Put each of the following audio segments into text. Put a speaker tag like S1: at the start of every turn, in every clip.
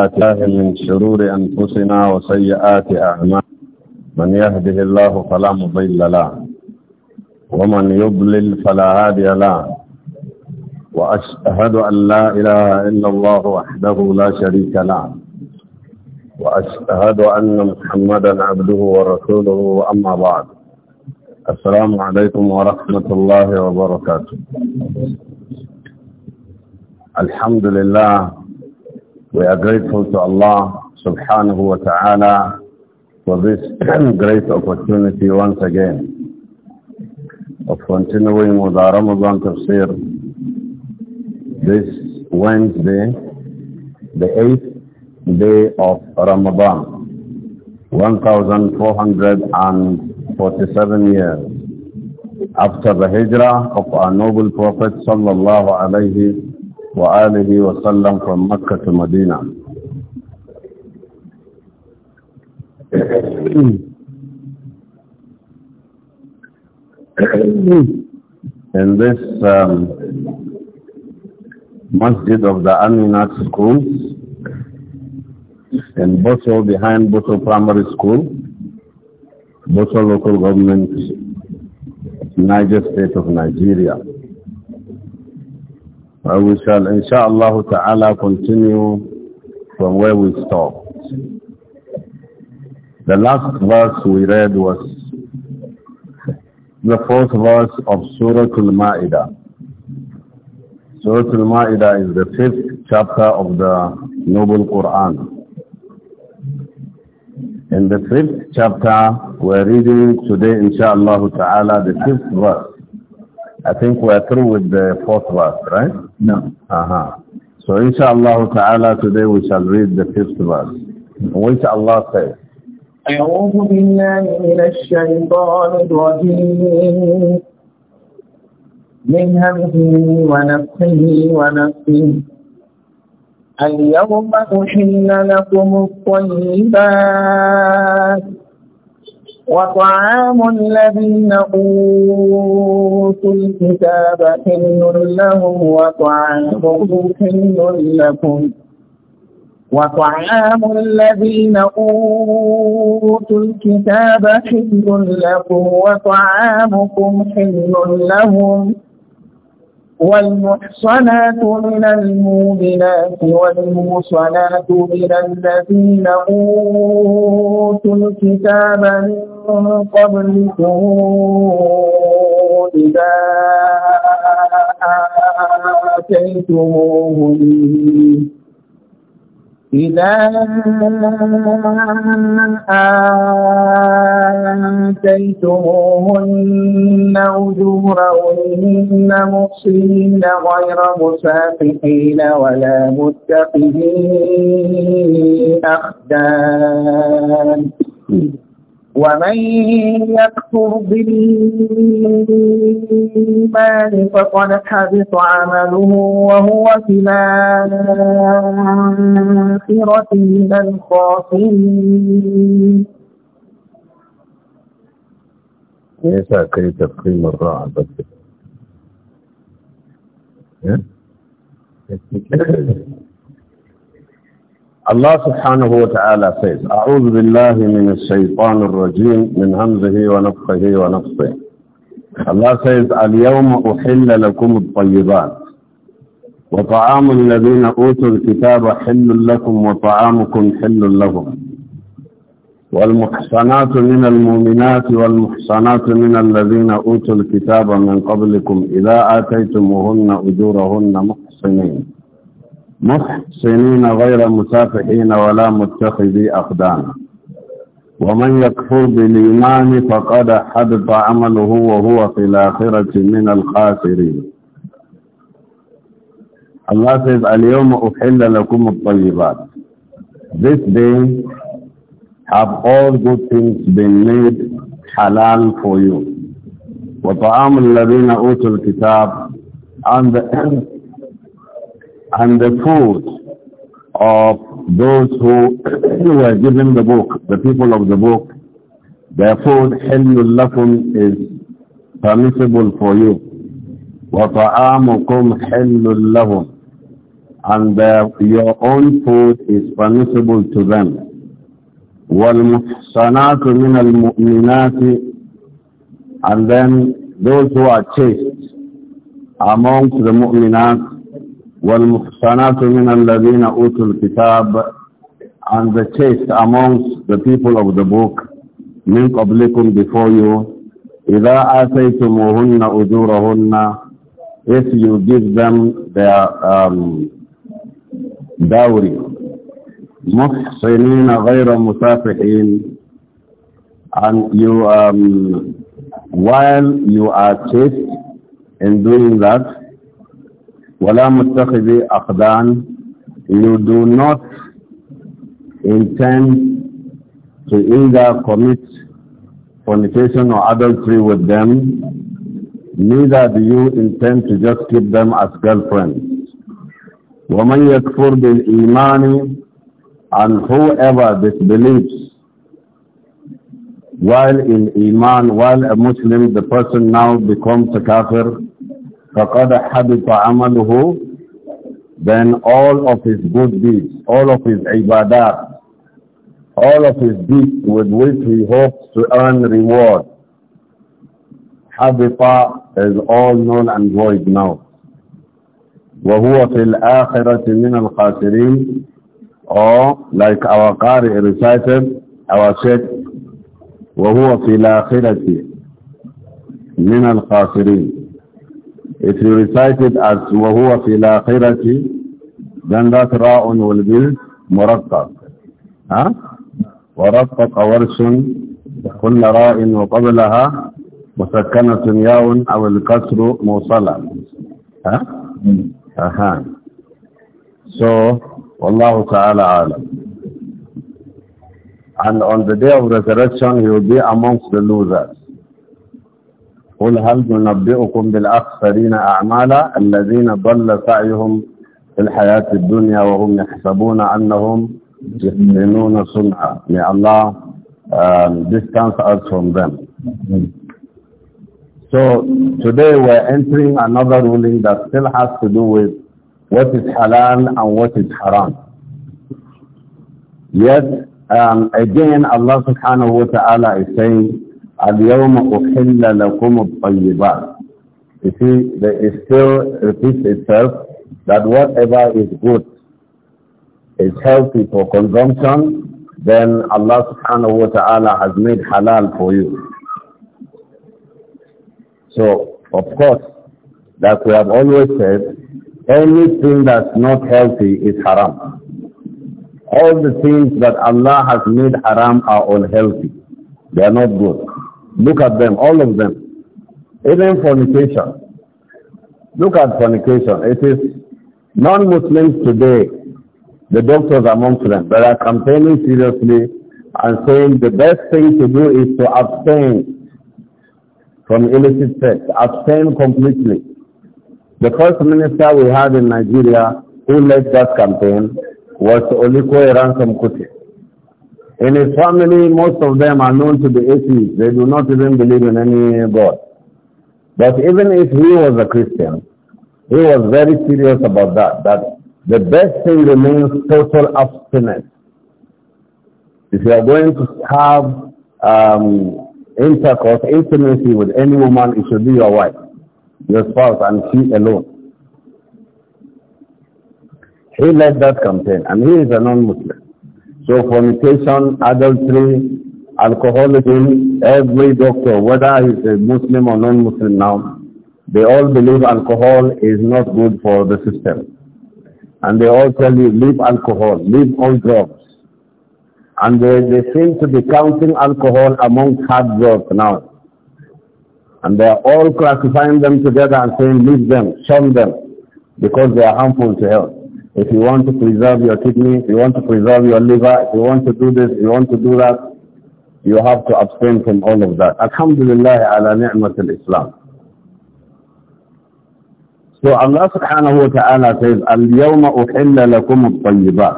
S1: آتاه من شرور أنفسنا وسيئات أعمالنا من يهده الله فلا مضل له ومن يضلل فلا هادي له وأشهد أن لا إله إلا الله وحده لا شريك له وأشهد أن محمدا عبده ورسوله وأما بعد السلام عليكم ورحمة الله وبركاته الحمد لله We are grateful to Allah subhanahu wa ta'ala for this great opportunity once again of continuing with our Ramadan tafsir this Wednesday, the 8th day of Ramadan, 1447 years after the hijrah of our noble Prophet sallallahu alayhi وآله وسلم from Mecca to Medina. In this um, masjid of the Aminat School in Boso, behind Boso Primary School, Boso Local Government, Niger State of Nigeria. And we shall, inshallah ta'ala, continue from where we stopped. The last verse we read was the fourth verse of Surah Al-Ma'idah. Surah Al-Ma'idah is the fifth chapter of the Noble Quran. In the fifth chapter, we're reading today, inshallah ta'ala, the fifth verse. I think we're through with the fourth verse, right? No. Uh-huh. So inshallah ta'ala today we shall read the fifth verse, which Allah says.
S2: أعوذ بالله من الشيطان الرجيم من همه ونفسه ونفسه اليوم أحل لكم الطيبات وطعام الذين أوتوا الكتاب حل لهم وطعامهم حل لكم وطعام الذين أوتوا الكتاب حل لكم وطعامكم حل لهم والمحصنات من المؤمنات والمحصنات من الذين أوتوا الكتاب من قبلكم إذا آتيتموهن إذا آتيتموهن أجورهن محصنين غير مسافحين ولا متخذين أخدان ومن يكفر بالإيمان فقد حبط عمله وهو في الآخرة من الخاسرين
S1: ليس كي تقيم الراعة إيه؟ بس الله سبحانه وتعالى سيد أعوذ بالله من الشيطان الرجيم من همزه ونفخه ونفخه. الله سيد اليوم أحل لكم الطيبات وطعام الذين أوتوا الكتاب حل لكم وطعامكم حل لهم والمحصنات من المؤمنات والمحصنات من الذين أوتوا الكتاب من قبلكم إذا آتيتموهن أجورهن محصنين محسنين غير مسافحين ولا متخذي أقدام ومن يكفر بالإيمان فقد حبط عمله وهو في الآخرة من الخاسرين الله says, اليوم أحل لكم الطيبات This day have all good things been made halal for you. وَطَعَامُ الَّذِينَ أُوتُوا الْكِتَابِ And the and the food of those who were given the book, the people of the book, their food, حِلْيُ لَكُمْ is permissible for you. وَطَعَامُكُمْ حِلٌّ لَهُمْ And their, your own food is permissible to them. وَالْمُحْصَنَاتُ مِنَ الْمُؤْمِنَاتِ And then those who are chaste amongst the mu'minat وَالْمُحْصَنَاتُ مِنَ الَّذِينَ أُوتُوا الْكِتَابَ And the chaste amongst the people of the book, مِنْ قَبْلِكُمْ before you, إِذَا آتَيْتُمُهُنَّ أُجُورَهُنَّ If you give them their um, dowry, مُحْصِنِينَ غَيْرَ مُسَافِحِينَ And you, um, while you are chaste in doing that, Wala mutakhidhi you do not intend to either commit fornication or adultery with them, neither do you intend to just keep them as girlfriends. وَمَنْ يَكْفُرْ بِالْإِيمَانِ And whoever disbelieves while in Iman, while a Muslim, the person now becomes a kafir, فَقَدْ حَبِطَ عَمَلُهُ Then all of his good deeds, all of his ibadah, all of his deeds with which he hopes to earn reward. حبط is all known and void now. وَهُوَ فِي الْآخِرَةِ مِنَ الْخَاسِرِينَ Or, like our Qari recited, our Sheikh, وَهُوَ فِي الْآخِرَةِ مِنَ الْخَاسِرِينَ If you recite it as وَهُوَ فِي الْآخِرَةِ then that ra'un will be مرقق ها ورقق ورش كل راء وقبلها مسكنة ياء أو الكسر موصلة ها أها so والله تعالى عالم and on the day of resurrection he will be amongst the losers قل هل ننبئكم بالأخسرين أعمالا الذين ضل سعيهم في الحياة الدنيا وهم يحسبون أنهم يؤمنون صنعا May Allah um, distance us from them. So today we're entering another ruling that still has to do with what is halal and what is haram. Yet um, again Allah subhanahu wa ta'ala is saying اليوم أحل لكم الطيبات You see, it still repeats itself that whatever is good is healthy for consumption, then Allah subhanahu wa ta'ala has made halal for you. So, of course, that we have always said, anything that's not healthy is haram. All the things that Allah has made haram are unhealthy. They are not good. Look at them, all of them. Even fornication. Look at fornication. It is non-Muslims today. The doctors amongst them that are campaigning seriously and saying the best thing to do is to abstain from illicit sex. Abstain completely. The first minister we had in Nigeria who led that campaign was Olikoye Ransom Kuti. In his family, most of them are known to be atheists. They do not even believe in any God. But even if he was a Christian, he was very serious about that, that the best thing remains total abstinence. If you are going to have um, intercourse, intimacy with any woman, it should be your wife, your spouse, and she alone. He led that campaign, and he is a non-Muslim. So fornication, adultery, alcoholism, every doctor, whether he's a Muslim or non-Muslim now, they all believe alcohol is not good for the system. And they all tell you, leave alcohol, leave all drugs. And they, they seem to be counting alcohol among hard drugs now. And they are all classifying them together and saying, leave them, shun them, because they are harmful to health. If you want to preserve your kidney, if you want to preserve your liver, if you want to do this, if you want to do that, you have to abstain from all of that. Alhamdulillah ala ni'mat al-Islam. So Allah subhanahu wa ta'ala says, اليوم أحل لكم الطيبات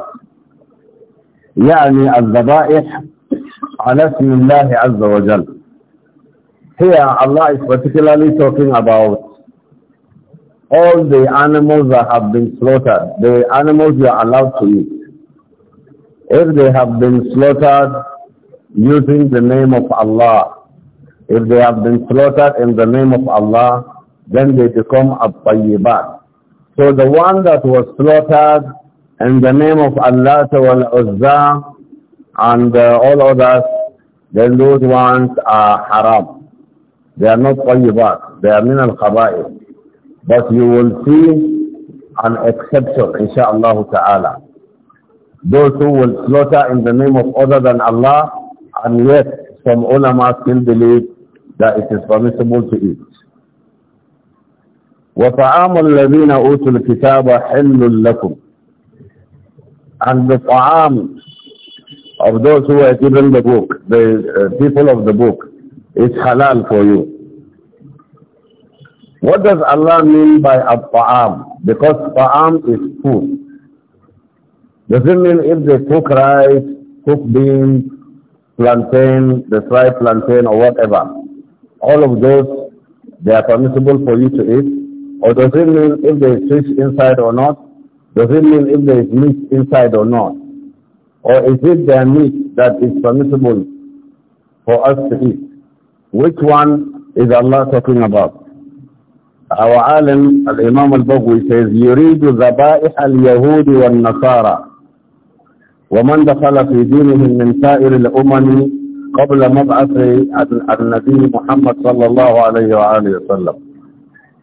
S1: يعني الذبائح على اسم الله عز وجل. Here Allah is particularly talking about all the animals that have been slaughtered, the animals you are allowed to eat, if they have been slaughtered using the name of Allah, if they have been slaughtered in the name of Allah, then they become a tayyibat. So the one that was slaughtered in the name of Allah wal Uzza and uh, all others, then those ones are haram. They are not tayyibat. They are min al but you will see an exception, insha'Allah ta'ala. Those who will slaughter in the name of other than Allah, and yet some ulama still believe that it is permissible to eat. وطعام الذين أوتوا الكتاب حل لكم and the ta'am of those who are given the book, the uh, people of the book, is halal for you. What does Allah mean by a ta'am? Because ta'am is food. Does it mean if they cook rice, cook beans, plantain, the fried plantain or whatever, all of those, they are permissible for you to eat? Or does it mean if there is fish inside or not? Does it mean if there is meat inside or not? Or is it their meat that is permissible for us to eat? Which one is Allah talking about? Our alim, Al-Imam al says, يريد ذبائح اليهود والنصارى ومن دخل في دينهم من سائر الأمم قبل مبعث النبي محمد صلى الله عليه وآله وسلم.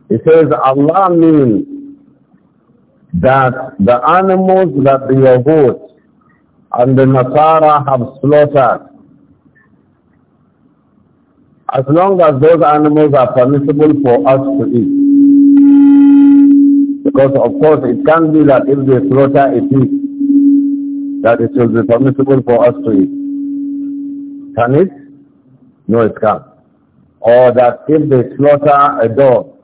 S1: He says, Allah means that the animals that the Yahud and the Nasara have slaughtered as long as those animals are permissible for us to eat. Because of course it can be that if they slaughter a pig, that it will be permissible for us to eat. Can it? No, it can't. Or that if they slaughter a dog,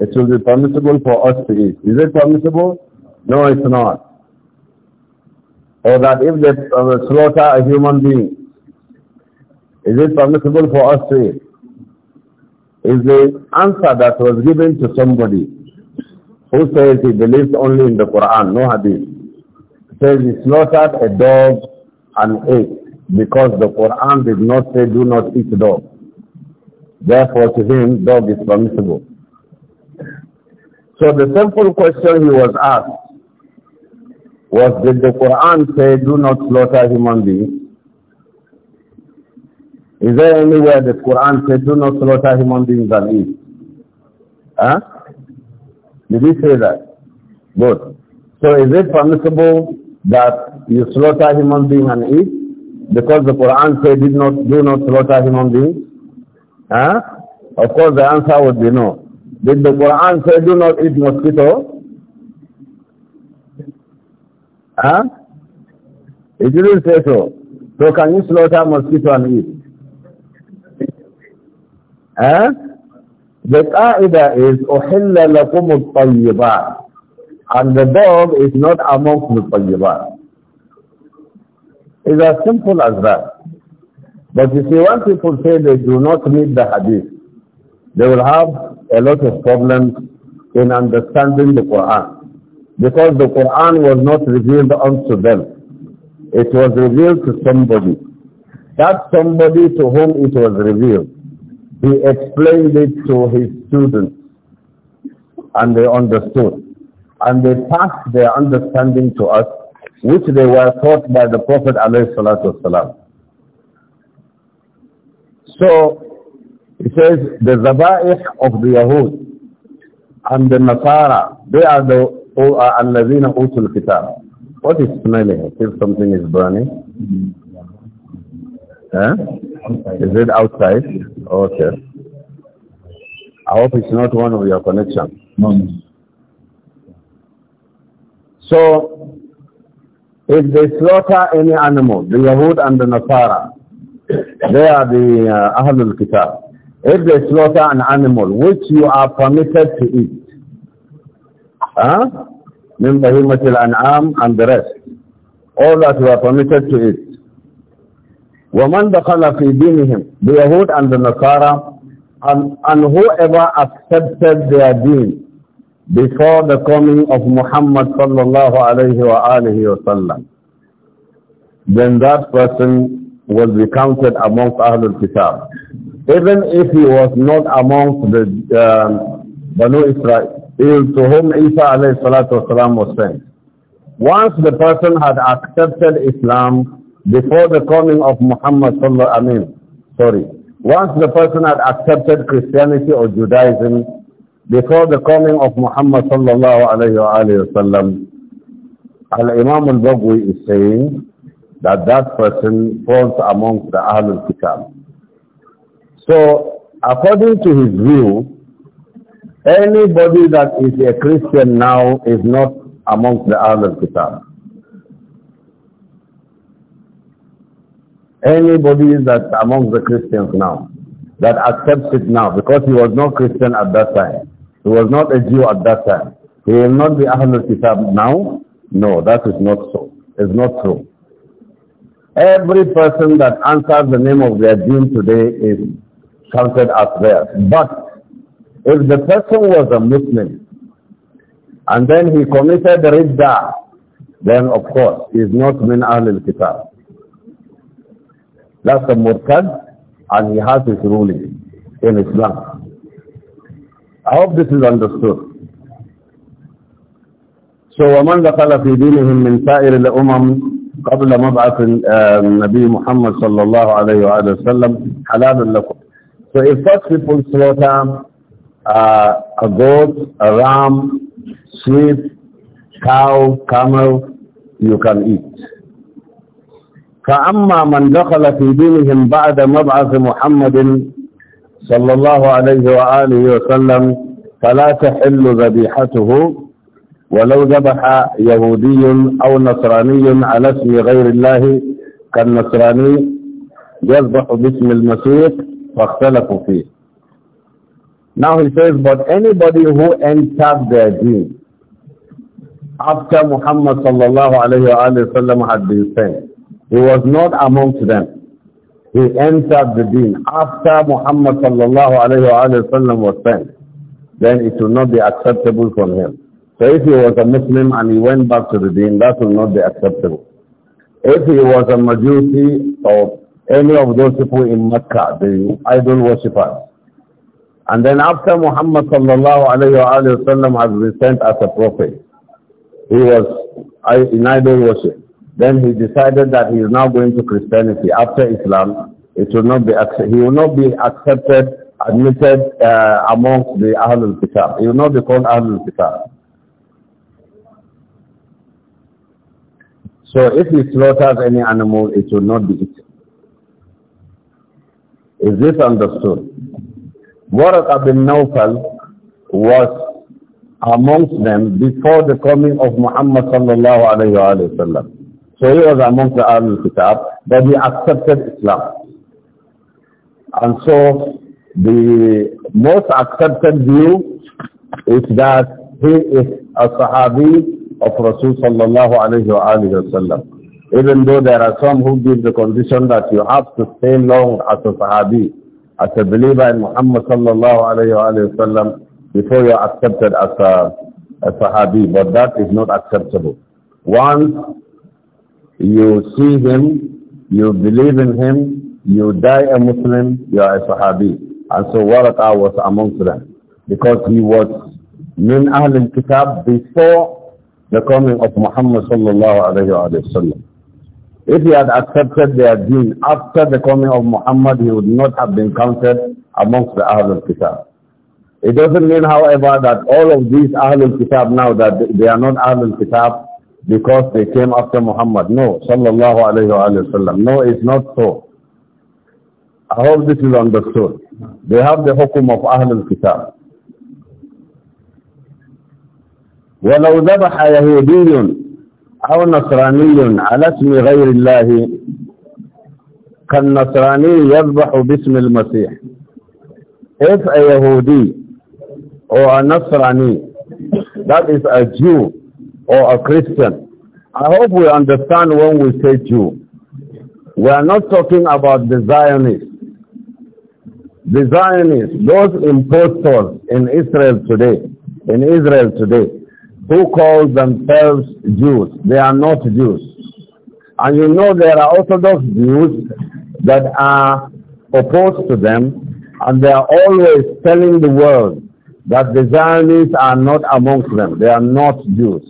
S1: it will be permissible for us to eat. Is it permissible? No, it's not. Or that if they uh, slaughter a human being, is it permissible for us to eat? Is the answer that was given to somebody who says he believes only in the Quran, no hadith. Says he slaughtered a dog and ate because the Quran did not say do not eat dog. Therefore to him dog is permissible. So the simple question he was asked was did the Quran say do not slaughter human beings? Is there anywhere the Quran says, do not slaughter human beings and eat? Huh? Did he say that? Good. So is it permissible that you slaughter human beings and eat? Because the Quran said did not, do not slaughter human beings? Huh? Of course the answer would be no. Did the Quran say, do not eat mosquito? Huh? It didn't say so. So can you slaughter mosquito and eat? Huh? The qa'idah is lakum لَكُمُ الطَّيِّبَاتِ And the dog is not amongst the tayyibat. It's as simple as that. But you see, when people say they do not read the hadith, they will have a lot of problems in understanding the Quran. Because the Quran was not revealed unto them. It was revealed to somebody. That somebody to whom it was revealed he explained it to his students and they understood. And they passed their understanding to us, which they were taught by the Prophet ﷺ. So, he says, the Zaba'ih of the Yahud and the Nasara, they are the الذين أوتوا What What is smelling? If something is burning? Mm-hmm. Huh? Is it outside? Okay. I hope it's not one of your connection. No. So, if they slaughter any animal, the Yahud and the Nasara, they are the uh, Ahlul Kitab. If they slaughter an animal which you are permitted to eat, huh? من بهيمة الأنعام and the rest, all that you are permitted to eat, وَمَنْ دَخَلَ فِي دِينِهِمْ The Yahud and the Nasara and, and whoever accepted their deen before the coming of Muhammad sallallahu alayhi wa alihi wa then that person will be counted amongst Ahlul Kitab. Even if he was not amongst the uh, Banu Israel, to whom Isa alayhi salatu was sent. Once the person had accepted Islam, before the coming of Muhammad sallallahu alaihi sorry, once the person had accepted Christianity or Judaism, before the coming of Muhammad sallallahu alaihi wasallam, Al-Imam al-Bagwi is saying that that person falls amongst the Ahlul Kitab. So, according to his view, anybody that is a Christian now is not amongst the Ahlul Kitab. Anybody that among the Christians now that accepts it now because he was not Christian at that time. He was not a Jew at that time. He will not be Ahlul Kitab now. No, that is not so. It's not true. Every person that answers the name of their deen today is counted as theirs. But if the person was a Muslim and then he committed the Ridda, then of course he is not min Ahlul Kitab. That's a murtad and he has his ruling in Islam. I hope this is understood. So ومن دخل في دينهم من سائر الأمم قبل مبعث النبي محمد صلى الله عليه وآله وسلم حلال لكم. So if such people slaughter uh, a goat, a ram, sheep, cow, camel, you can eat. فأما من دخل في دينهم بعد مبعث محمد صلى الله عليه وآله وسلم فلا تحل ذبيحته ولو ذبح يهودي أو نصراني على اسم غير الله كالنصراني يذبح باسم المسيح فاختلفوا فيه Now he says, but anybody who entered their deen after Muhammad sallallahu alayhi wa sallam had been sent, He was not amongst them. He entered the deen after Muhammad sallallahu alayhi wa, sallam was sent. Then it will not be acceptable from him. So if he was a Muslim and he went back to the deen, that will not be acceptable. If he was a Majusi or any of those people in Mecca, the idol worshippers, and then after Muhammad sallallahu alayhi wa sallam has been sent as a prophet, he was in idol worship. Then he decided that he is now going to Christianity. After Islam, it will not be he will not be accepted, admitted uh, amongst the Ahlul Kitab. He will not be called Ahlul Kitab. So if he slaughters any animal, it will not be eaten. Is this understood? Waraq bin Nawfal was amongst them before the coming of Muhammad sallallahu alayhi wa sallam. So he was among the Ahlul Kitab, but he accepted Islam. And so the most accepted view is that he is a Sahabi of Rasul sallallahu Even though there are some who give the condition that you have to stay long as a Sahabi, as a believer in Muhammad sallallahu before you are accepted as a, a Sahabi, but that is not acceptable. Once you see him, you believe in him, you die a Muslim, you are a Sahabi. And so Waraka was amongst them because he was min Ahl al-Kitab before the coming of Muhammad sallallahu alayhi wa sallam. If he had accepted their deen after the coming of Muhammad, he would not have been counted amongst the Ahlul Kitab. It doesn't mean, however, that all of these Ahlul Kitab now, that they are not Ahlul Kitab, because they came after Muhammad. No, sallallahu alayhi wa sallam. No, it's not so. I hope this is understood. They have the hukum of Ahl al-Kitab. ولو ذبح يهودي أو نصراني على اسم غير الله كالنصراني يذبح باسم المسيح if a Yahudi or a Nasrani that is a Jew or a Christian. I hope we understand when we say Jew. We are not talking about the Zionists. The Zionists, those impostors in Israel today, in Israel today, who call themselves Jews, they are not Jews. And you know there are Orthodox Jews that are opposed to them, and they are always telling the world that the Zionists are not amongst them. They are not Jews.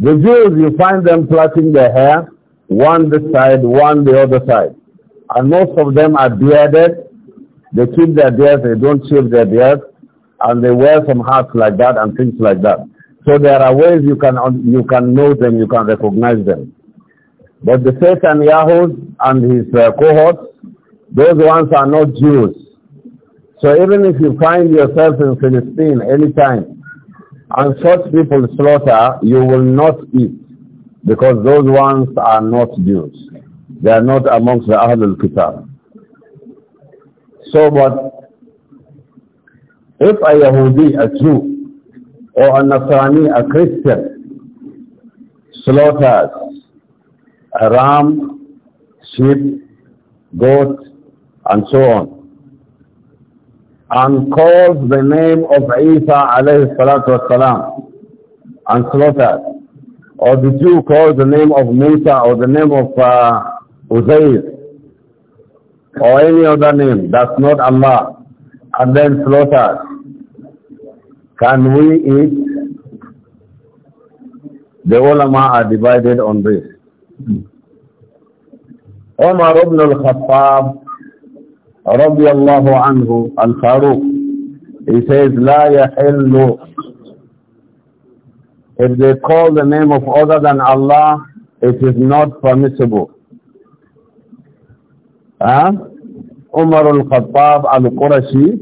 S1: The Jews, you find them plaiting their hair, one this side, one the other side. And most of them are bearded. They keep their beards, they don't shave their beards, and they wear some hats like that and things like that. So there are ways you can, you can know them, you can recognize them. But the Satan Yahoos and his uh, cohorts, those ones are not Jews. So even if you find yourself in Philistine anytime, and such people slaughter, you will not eat, because those ones are not Jews. They are not amongst the Ahlul Kitab. So, but if a Yahudi, a Jew, or a Nasrani, a Christian, slaughters a ram, sheep, goat, and so on, and called the name of Isa alayhi salatu wasalam and slaughtered. Or the Jew called the name of Musa or the name of uh, Uzair or any other name that's not Allah and then slaughtered. Can we eat? The ulama are divided on this. Omar ibn al-Khattab رضي الله عنه الفاروق he says لا يحل if they call the name of other than Allah it is not permissible huh? Umar al-Khattab al-Qurashi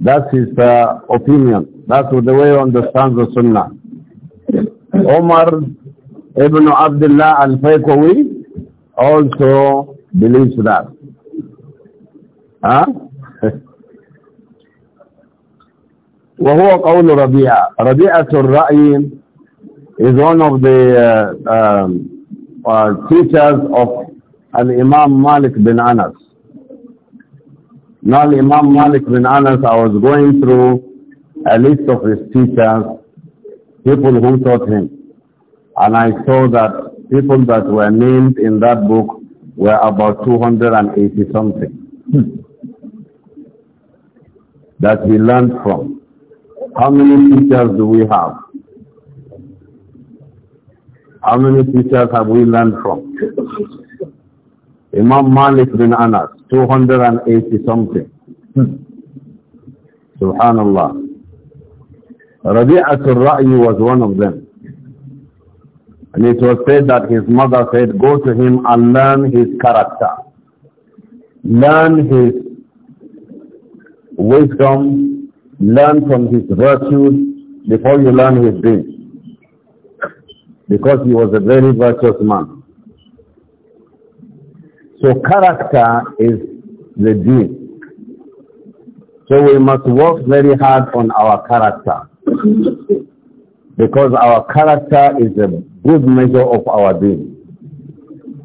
S1: that's his uh, opinion that's the way he understands the sunnah Umar ibn Abdullah al faykawi also believes that ها وهو قول ربيعة ربيعة الرأي is one of the uh, um, uh, teachers of Al-Imam Malik bin Anas now Imam Malik bin Anas I was going through a list of his teachers people who taught him and I saw that people that were named in that book were about 280 something hmm that we learned from. How many teachers do we have? How many teachers have we learned from? Imam Malik bin Anas, 280 something. Subhanallah. al Ra'i was one of them. And it was said that his mother said, go to him and learn his character. Learn his wisdom, learn from his virtues before you learn his deeds. Because he was a very virtuous man. So character is the deed. So we must work very hard on our character. because our character is a good measure of our deed.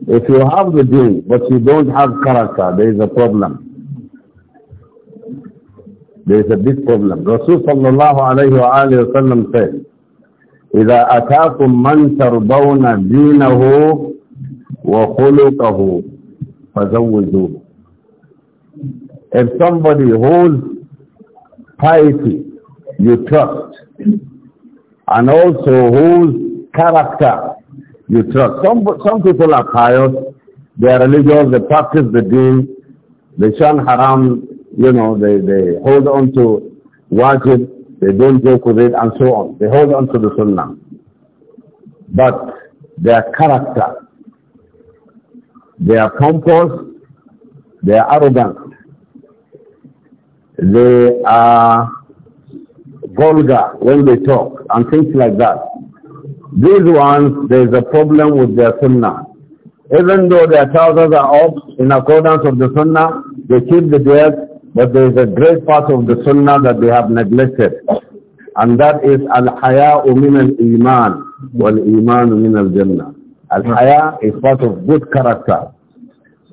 S1: If you have the deed but you don't have character, there is a problem. There is a big problem. Rasul sallallahu alayhi wa alayhi wa sallam said, إِذَا أَتَاكُمْ مَنْ تَرْضَوْنَ دِينَهُ وَخُلُقَهُ فَزَوِّجُوهُ If somebody holds piety, you trust, and also whose character you trust. Some, some people are pious, they are religious, they practice the deen, they shun haram, you know, they, they hold on to wajib, they don't joke with it and so on. They hold on to the sunnah. But their character, their pompous, their arrogant, they are vulgar when they talk and things like that. These ones, there is a problem with their sunnah. Even though their trousers are off in accordance with the sunnah, they keep the dress, but there is a great part of the sunnah that they have neglected. And that is al-haya'u min al-iman wal-iman min al-jannah. Al-haya is part of good character.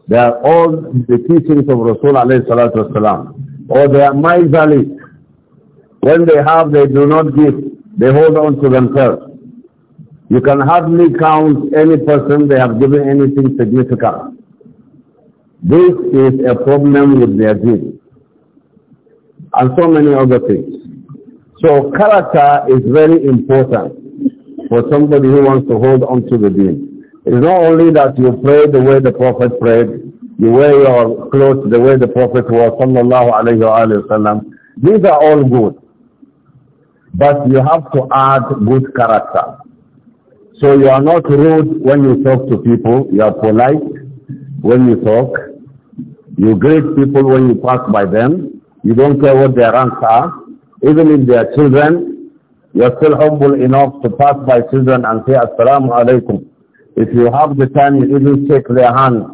S1: They are all the teachings of Rasul alayhi salatu wasalam. Or they are miserly. When they have, they do not give. They hold on to themselves. You can hardly count any person they have given anything significant. This is a problem with their deeds and so many other things. So character is very important for somebody who wants to hold on to the deen. It's not only that you pray the way the Prophet prayed, you wear your clothes the way the Prophet wore, sallallahu alayhi wa sallam. These are all good. But you have to add good character. So you are not rude when you talk to people. You are polite when you talk. You greet people when you pass by them. You don't care what their ranks are. Even if they are children, you're still humble enough to pass by children and say, Assalamu alaikum. If you have the time, you even shake their hand.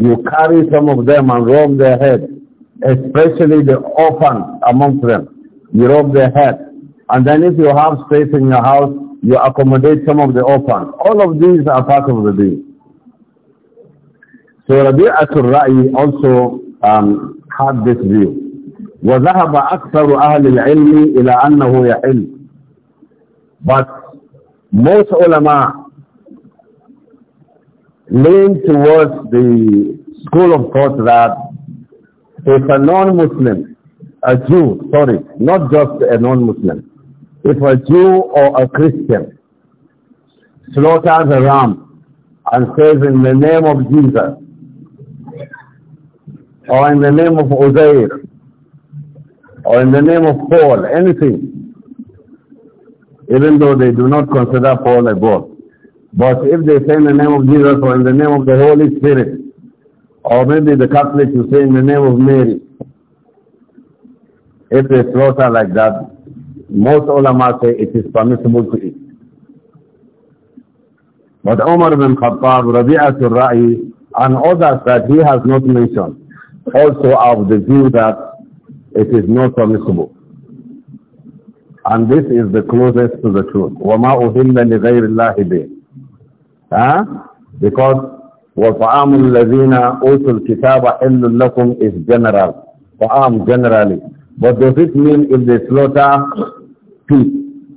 S1: You carry some of them and rub their head, especially the orphans amongst them. You rub their head. And then if you have space in your house, you accommodate some of the orphans. All of these are part of the deal. So Rabi'atul Ra'i also um, had this view. وذهب أكثر أهل العلم إلى أنه يحل but most ulama lean towards the school of thought that if a non-Muslim, a Jew, sorry, not just a non-Muslim, if a Jew or a Christian slaughters a ram and says in the name of Jesus or in the name of Uzair or in the name of Paul, anything, even though they do not consider Paul a God. But if they say in the name of Jesus or in the name of the Holy Spirit, or maybe the Catholics will say in the name of Mary, if they slaughter like that, most ulama say it is permissible to eat. But Umar bin Khattab, Rabi'atul Ra'i, and others that he has not mentioned also are of the view that it is not permissible. And this is the closest to the truth. وَمَا أُهِلَّ لِغَيْرِ اللَّهِ بِهِ huh? Because وَطَعَامُ الَّذِينَ أُوتُوا الْكِتَابَ حِلٌّ لَكُمْ is general. طَعَام generally. But does it mean if they slaughter pig,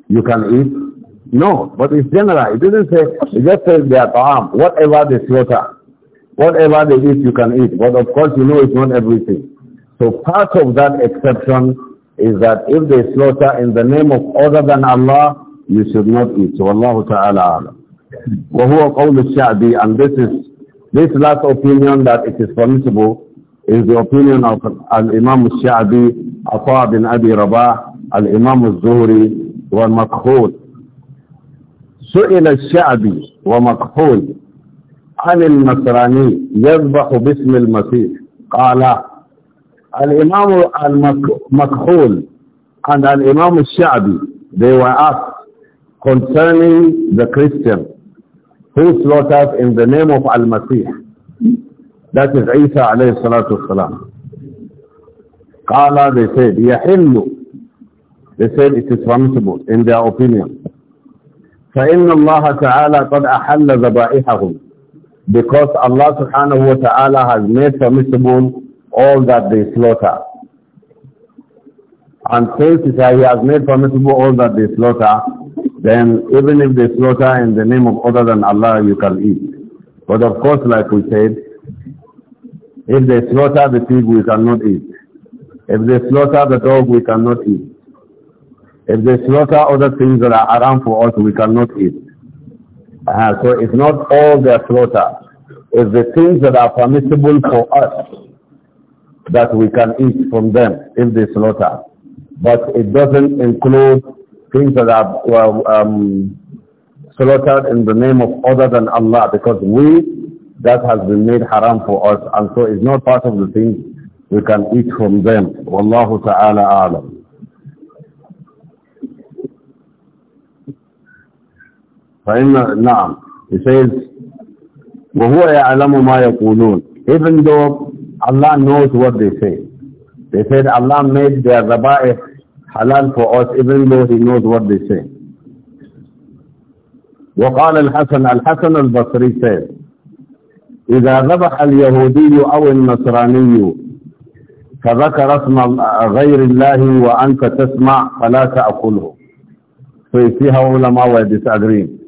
S1: you can eat? No, but it's general. It doesn't say, it just says they are ta'am. Whatever they slaughter, whatever they eat, you can eat. But of course, you know it's not everything. So part of that exception is that if they slaughter in the name of other than Allah, you should not eat. So Allah Ta'ala alam. وهو قول الشعبي and this is this last opinion that it is permissible is the opinion of Al-Imam al-Sha'bi, Afa bin Abi Rabah, Al-Imam al-Zuhri, ومكحول سئل الشعبي ومكحول عن المصراني يذبح باسم المسيح قال الإمام المكحول and Imam الشعبي they were asked concerning the Christian who slaughtered in the name of Al-Masih. That is Isa alayhi salatu والسلام Qala, they said, يَحِلُّ They said it is permissible in their opinion. فَإِنَّ اللَّهَ تَعَالَى قَدْ أَحَلَّ ذَبَائِحَهُمْ Because Allah subhanahu wa ta'ala has made permissible all that they slaughter. And since he has made permissible all that they slaughter, then even if they slaughter in the name of other than Allah, you can eat. But of course, like we said, if they slaughter the pig, we cannot eat. If they slaughter the dog, we cannot eat. If they slaughter other things that are around for us, we cannot eat. Uh so it's not all their slaughter. It's the things that are permissible for us that we can eat from them in this slaughter. But it doesn't include things that are well, um, slaughtered in the name of other than Allah because we, that has been made haram for us and so it's not part of the things we can eat from them. Wallahu ta'ala alam. فإن نعم he says وهو يعلم ما يقولون even though Allah knows what they say. They said Allah made their zaba'ih halal for us even though he knows what they say. وقال الحسن الحسن البصري said إذا ذبح اليهودي أو النصراني فذكر اسم غير الله وأنت تسمع فلا تأكله. So you see how ulama were disagreeing.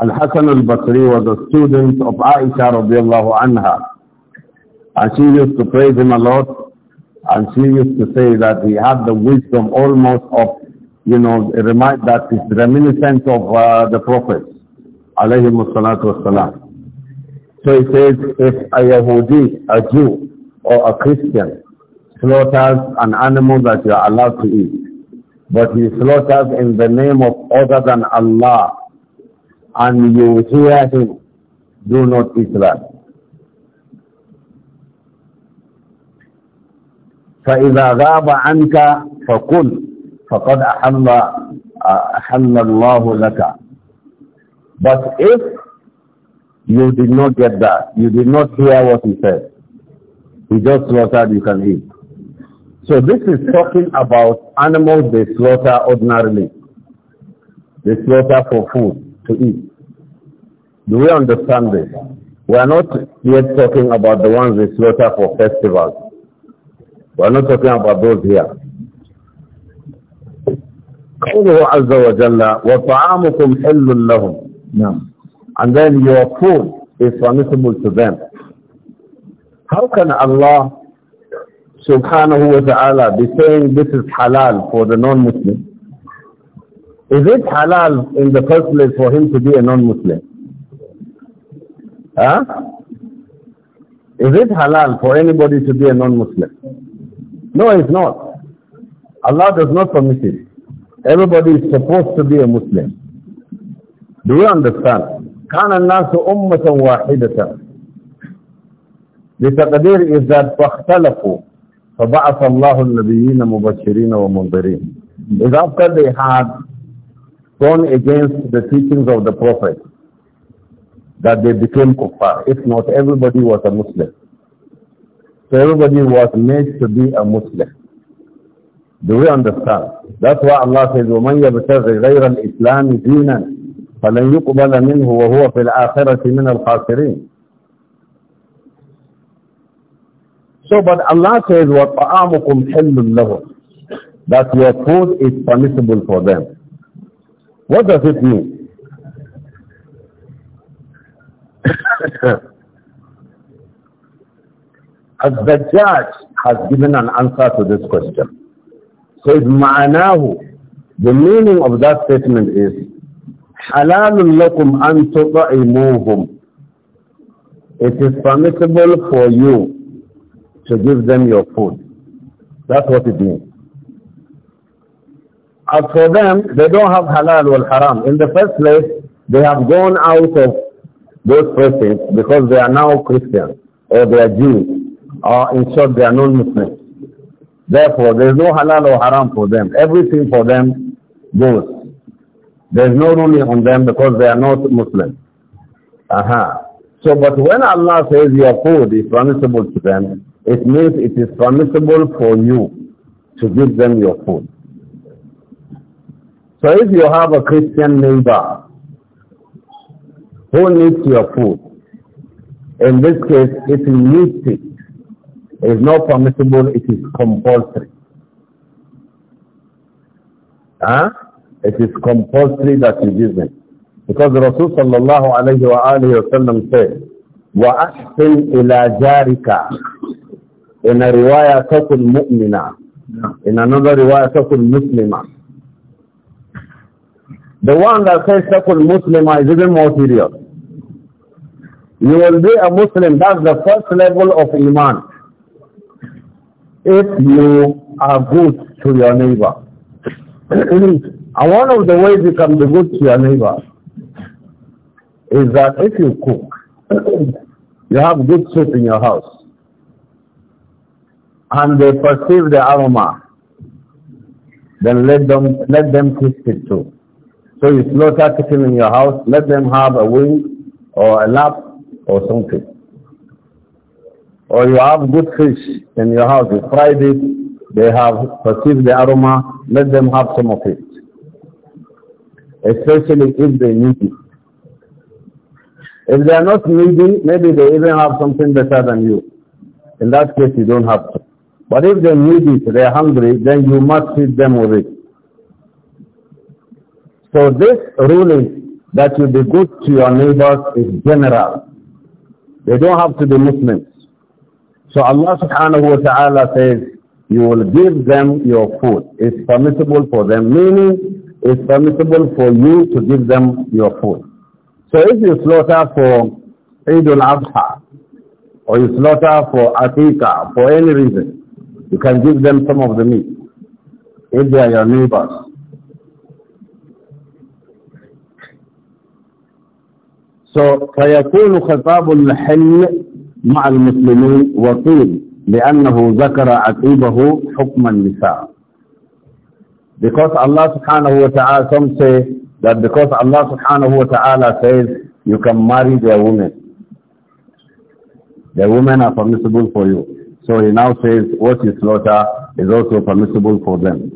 S1: Al-Hasan al-Basri was a student of Aisha radiallahu anha. And she used to praise him a lot. And she used to say that he had the wisdom almost of, you know, remind that is reminiscent of uh, the prophets. salatu wasalam. So he says, if a Yahudi, a Jew, or a Christian slaughters an animal that you are allowed to eat, but he slaughters in the name of other than Allah, and you hear him, do not eat that. فإذا غاب عنك فقل فقد أحل, أحل الله لك but if you did not get that you did not hear what he said he just slaughtered you can eat so this is talking about animals they slaughter ordinarily they slaughter for food to eat do we understand this we are not yet talking about the ones they slaughter for festivals we're not talking about those here. قوله عز وجل وطعامكم حل لهم نعم and then your food is permissible to them how can Allah subhanahu wa ta'ala be saying this is halal for the non-Muslim is it halal in the first place for him to be a non-Muslim huh? is it halal for anybody to be a non-Muslim no, it's not. Allah does not permit it. Everybody is supposed to be a Muslim. Do you understand? كَانَ النَّاسُ أُمَّةً وَاحِدَةً The إذا is that فَاخْتَلَفُوا فَبَعَثَ اللَّهُ النَّبِيِّينَ مُبَشِّرِينَ وَمُنْذِرِينَ Is after they had gone against the teachings of the Prophet that they became kuffar. If not, everybody was a Muslim. So everybody was made to be a Muslim. Do we understand? That's why Allah says, وَمَنْ يَبْتَغِ غَيْرَ الْإِسْلَامِ دِينًا فَلَنْ يُقْبَلَ مِنْهُ وَهُوَ فِي الْآخِرَةِ مِنَ الْخَاسِرِينَ So, but Allah says, وَطَعَامُكُمْ حِلٌّ لَهُمْ That your food is permissible for them. What does it mean? As the judge has given an answer to this question. Says, Ma'anahu, the meaning of that statement is, حَلَالٌ لَكُمْ أَن It is permissible for you to give them your food. That's what it means. As for them, they don't have halal or haram. In the first place, they have gone out of those places because they are now Christians or they are Jews or uh, in short they are non-Muslims. Therefore, there is no halal or haram for them. Everything for them goes. There is no ruling on them because they are not Muslims. Aha. Uh -huh. So, but when Allah says your food is permissible to them, it means it is permissible for you to give them your food. So if you have a Christian neighbor who needs your food, in this case, if he needs it, it is not permissible, it is compulsory. Huh? It is compulsory that you give them. Because Rasul sallallahu alayhi wa alayhi wa sallam said, وَأَحْسِنْ إِلَى جَارِكَ In a riwayah, تَكُنْ مُؤْمِنًا In another riwayah, تَكُنْ مُسْلِمًا The one that says تَكُنْ مُسْلِمًا is even more serious. You will be a Muslim, that's the first level of Iman if you are good to your neighbor. and one of the ways you can be good to your neighbor is that if you cook, you have good soup in your house, and they perceive the aroma, then let them let them taste it too. So you slaughter chicken in your house, let them have a wing or a lap or something or you have good fish in your house, you fried it, they have perceived the aroma, let them have some of it. Especially if they need it. If they are not needy, maybe they even have something better than you. In that case, you don't have to. But if they need it, they are hungry, then you must feed them with it. So this ruling that you be good to your neighbors is general. They don't have to be Muslims. So Allah subhanahu wa ta'ala says, you will give them your food. It's permissible for them, meaning it's permissible for you to give them your food. So if you slaughter for Eid al-Adha, or you slaughter for Atika, for any reason, you can give them some of the meat, if they are your neighbors. So فيكون خطاب الحل مع المسلمين وقيل لأنه ذكر عقيبه حكم النساء because Allah subhanahu wa ta'ala some say that because Allah subhanahu wa ta'ala says you can marry their women their women are permissible for you so he now says what you slaughter is also permissible for them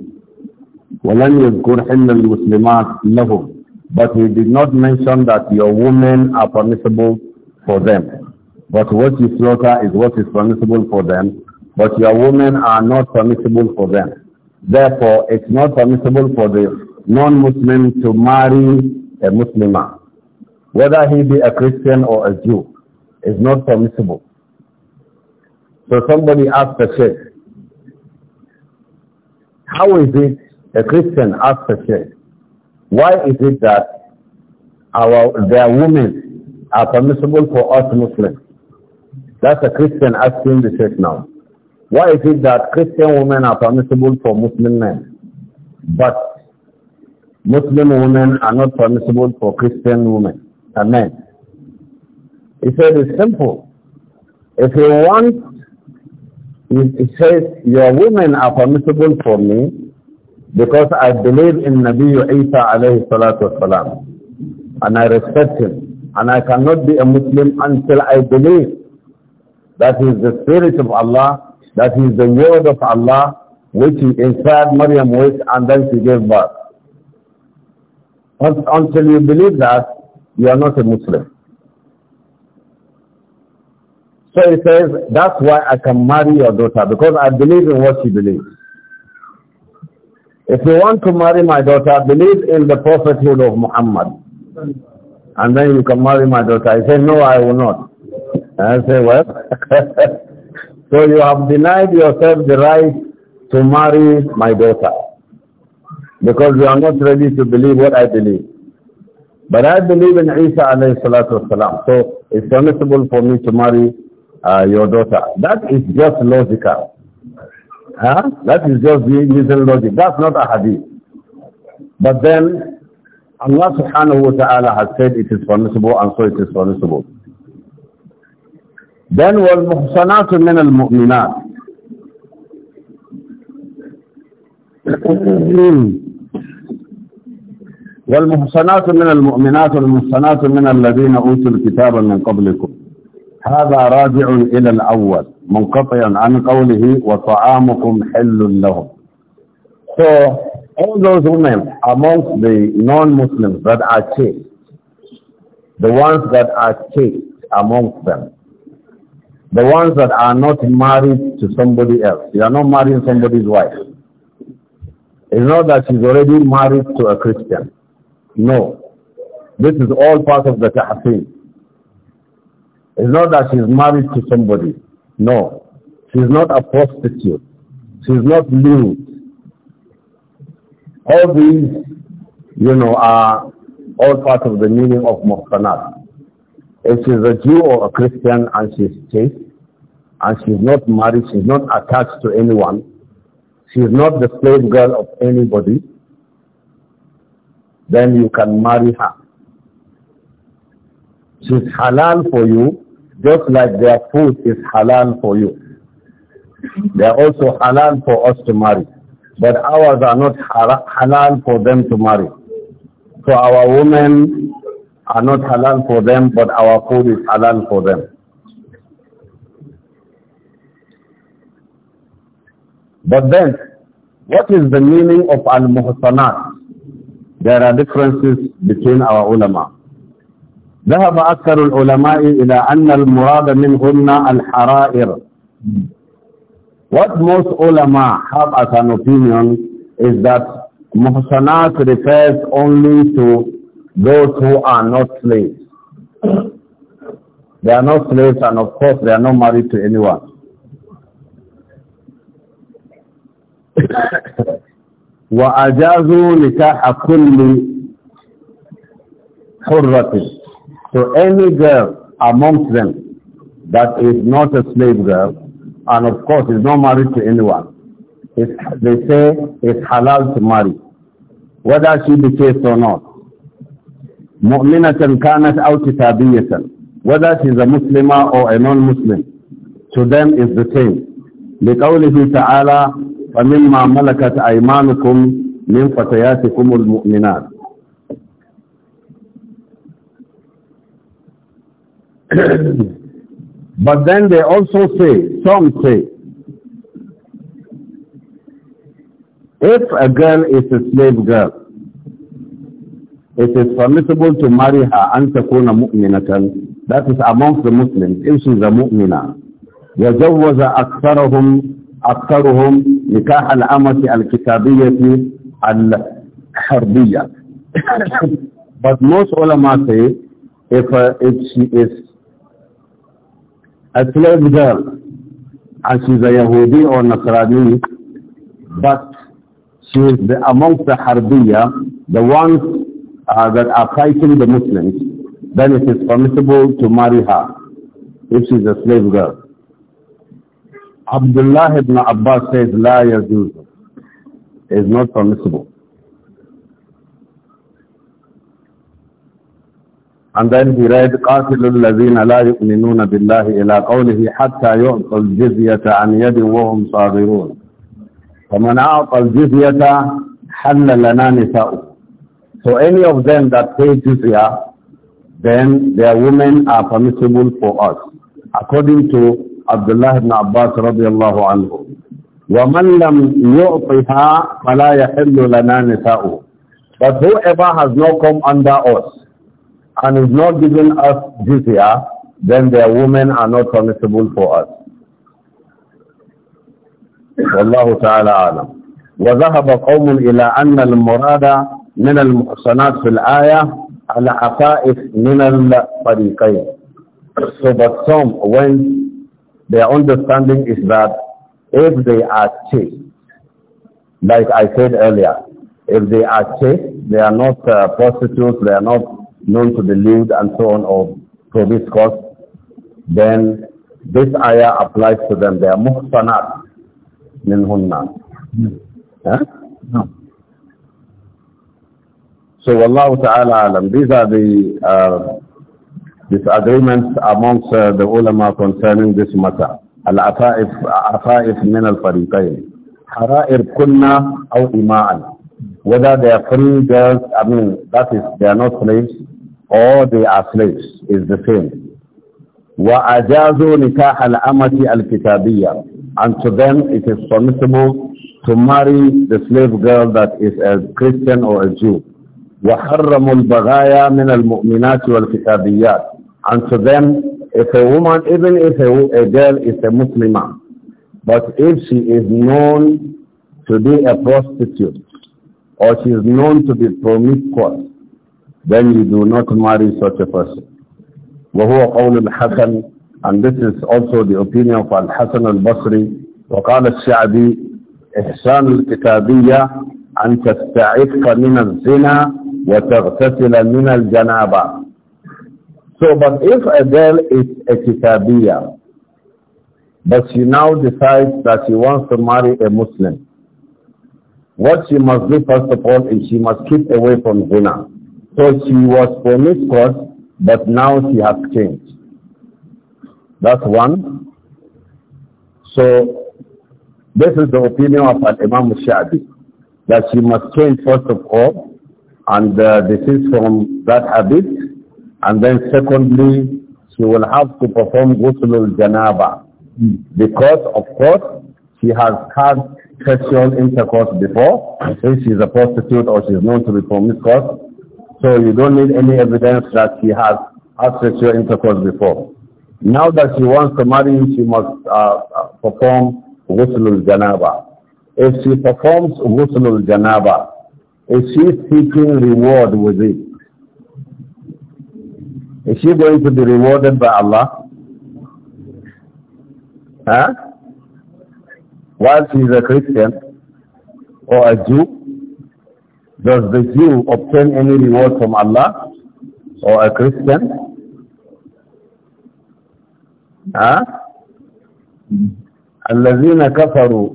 S1: ولن يذكر حل المسلمات لهم but he did not mention that your women are permissible for them but what you slaughter is what is permissible for them, but your women are not permissible for them. Therefore, it's not permissible for the non-Muslim to marry a Muslimah. Whether he be a Christian or a Jew, is not permissible. So somebody asked the sheikh, how is it a Christian asked the sheikh, why is it that our their women are permissible for us Muslims? That's a Christian asking the Sheikh now. Why is it that Christian women are permissible for Muslim men, but Muslim women are not permissible for Christian women and uh, men? He said it's simple. If you want, he says, your women are permissible for me because I believe in Nabi Isa alayhi salatu wasalam and I respect him and I cannot be a Muslim until I believe that is the Spirit of Allah, that is the Word of Allah, which He inspired Maryam with and then she gave birth. But until you believe that, you are not a Muslim. So he says, that's why I can marry your daughter, because I believe in what she believes. If you want to marry my daughter, believe in the prophethood of Muhammad. And then you can marry my daughter. He said, no, I will not. I say, what? so you have denied yourself the right to marry my daughter because you are not ready to believe what I believe. But I believe in Isa alayhi salatu wasalam. So it's permissible for me to marry uh, your daughter. That is just logical. Huh? That is just using logic. That's not a hadith. But then Allah subhanahu wa ta'ala has said it is permissible and so it is permissible. بل والمحصنات من المؤمنات والمحصنات من الذين أوتوا الكتاب من قبلكم هذا راجع إلى الأول منقطعا عن قوله وطعامكم حل لهم So all those women amongst the non-Muslims that are chaste, the ones that are chaste amongst them, The ones that are not married to somebody else. You are not marrying somebody's wife. It's not that she's already married to a Christian. No. This is all part of the tahsin. It's not that she's married to somebody. No. She's not a prostitute. She's not lewd. All these, you know, are all part of the meaning of muhsanat. If she's a Jew or a Christian and she's chaste, and she's not married, she's not attached to anyone, she's not the slave girl of anybody, then you can marry her. She's halal for you, just like their food is halal for you. They are also halal for us to marry. But ours are not halal for them to marry. So our women are not halal for them, but our food is halal for them. But then, what is the meaning of al-muhsanat? There are differences between our ulama. ذهب أكثر العلماء إلى أن المراد منهن الحرائر. What most ulama have as an opinion is that muhsanat refers only to those who are not slaves. They are not slaves and of course they are not married to anyone. وَأَجَازُوا نِكَاحَ كُلِّ حُرَّةٍ So any girl amongst them that is not a slave girl and of course is not married to anyone, they say it's halal to marry, whether she be chaste or not mu'minatan kanat aw kitabiyatan whether she is a muslima or a non-muslim to them is the same لقوله تعالى فمما ملكت ايمانكم من فتياتكم المؤمنات but then they also say some say if a girl is a slave girl it is permissible to marry her أن تكون مؤمنة that is amongst the Muslims if she is a مؤمنة وجوز أكثرهم أكثرهم نكاح الأمة الكتابية الحربية but most ulama say if, uh, if she is a slave girl and she's a Yahudi or Nasrani but she is the, amongst the Harbiya the ones uh, that are fighting the Muslims, then it is permissible to marry her if she is a slave girl. Abdullah ibn Abbas says, La yazuz. is not permissible. And then he read, قاتل الذين لا يؤمنون بالله إلى قوله حتى يعطوا الجزية عن يد وهم صاغرون فمن أعطى الجزية حل لنا نساؤه so any of them that pay jizya, then their women are permissible for us. According to Abdullah ibn Abbas radiallahu anhu. وَمَنْ لَمْ يُعْطِهَا فَلَا يَحِلُّ لَنَا But whoever has not come under us and is not given us jizya, then their women are not permissible for us. والله تعالى أعلم وذهب قوم إلى أن المراد من المحصنات في الآية العفائف من الطريقين So but some when their understanding is that if they are chaste, like I said earlier, if they are chaste, they are not uh, prostitutes, they are not known to the lewd and so on or promiscuous, then this ayah applies to them. They are muhsanat min hunna. Hmm. No. Huh? So Allah Ta'ala Alam, these are the uh, disagreements amongst uh, the ulama concerning this matter. al العفائف min al الفريقين حرائر kunna aw imaan whether they are free girls I mean that is they are not slaves or they are slaves is the same al نكاح الأمة الكتابية and to them it is permissible to marry the slave girl that is a Christian or a Jew وحرموا البغايا من المؤمنات والكتابيات and to them if a woman even if a, a girl is a Muslimah but if she is known to be a prostitute or she is known to be promiscuous then you do not marry such a person وهو قول الحسن and this is also the opinion of Al-Hasan al-Basri وقال الشعبي إحسان الكتابية أن تستعف من الزنا وَتَغْتَسِلَ مِنَ الْجَنَابَةِ So, but if a girl is a kitabiyah, but she now decides that she wants to marry a Muslim, what she must do first of all is she must keep away from zina. So she was promiscuous, but now she has changed. That's one. So this is the opinion of Imam Shadi that she must change first of all and uh, this is from that habit. And then secondly, she will have to perform ghusl janaba because, of course, she has had sexual intercourse before, since she's a prostitute or she's known to be promiscuous. So you don't need any evidence that she has had sexual intercourse before. Now that she wants to marry she must uh, uh perform ghusl janaba If she performs ghusl janaba is she seeking reward with it? Is she going to be rewarded by Allah? Huh? While she's a Christian or a Jew, does the Jew obtain any reward from Allah or a Christian? Huh? الذين كفروا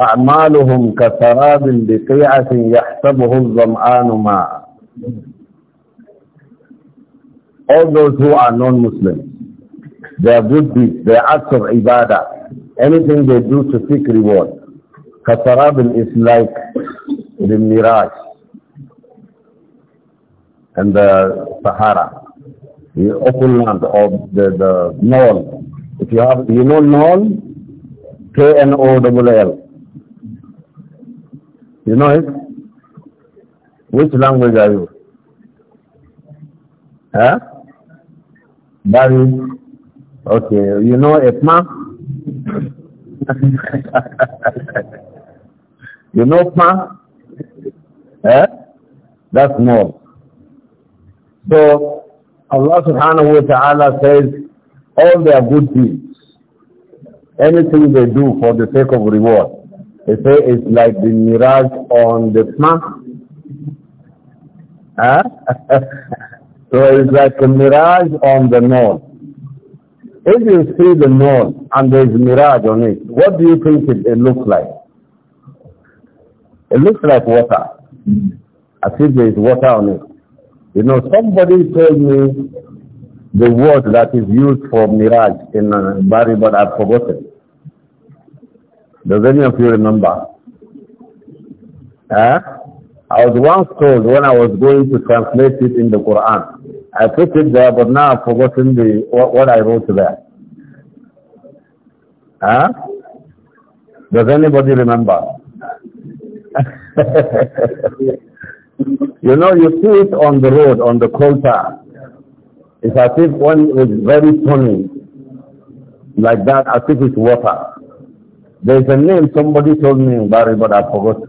S1: أعمالهم كسراب بقيعة يحسبه الظمآن ماء All those who are non-Muslims, their good deeds, their acts of ibadah, anything they do to seek reward, كسراب is like the mirage and the Sahara, the open land of the, the If you have, you know knoll? K-N-O-L-L. You know it? Which language are you? Huh? Bari. Okay, you know Etma? you know Etma? Huh? That's more. So Allah subhanahu wa ta'ala says all their good deeds, anything they do for the sake of reward, they say it's like the mirage on the sun. Huh? so it's like a mirage on the north. If you see the north and there's a mirage on it, what do you think it, it looks like? It looks like water. As if there is water on it. You know, somebody told me the word that is used for mirage in uh, Bari, but I've forgotten. Does any of you remember? Eh? I was once told when I was going to translate it in the Quran. I put it there, but now I've forgotten the, what, what I wrote there. Huh? Eh? Does anybody remember? you know, you see it on the road, on the coulter. It's as if one is very sunny, like that, as if it's water. There is a name somebody told me in Bari, but I forgot.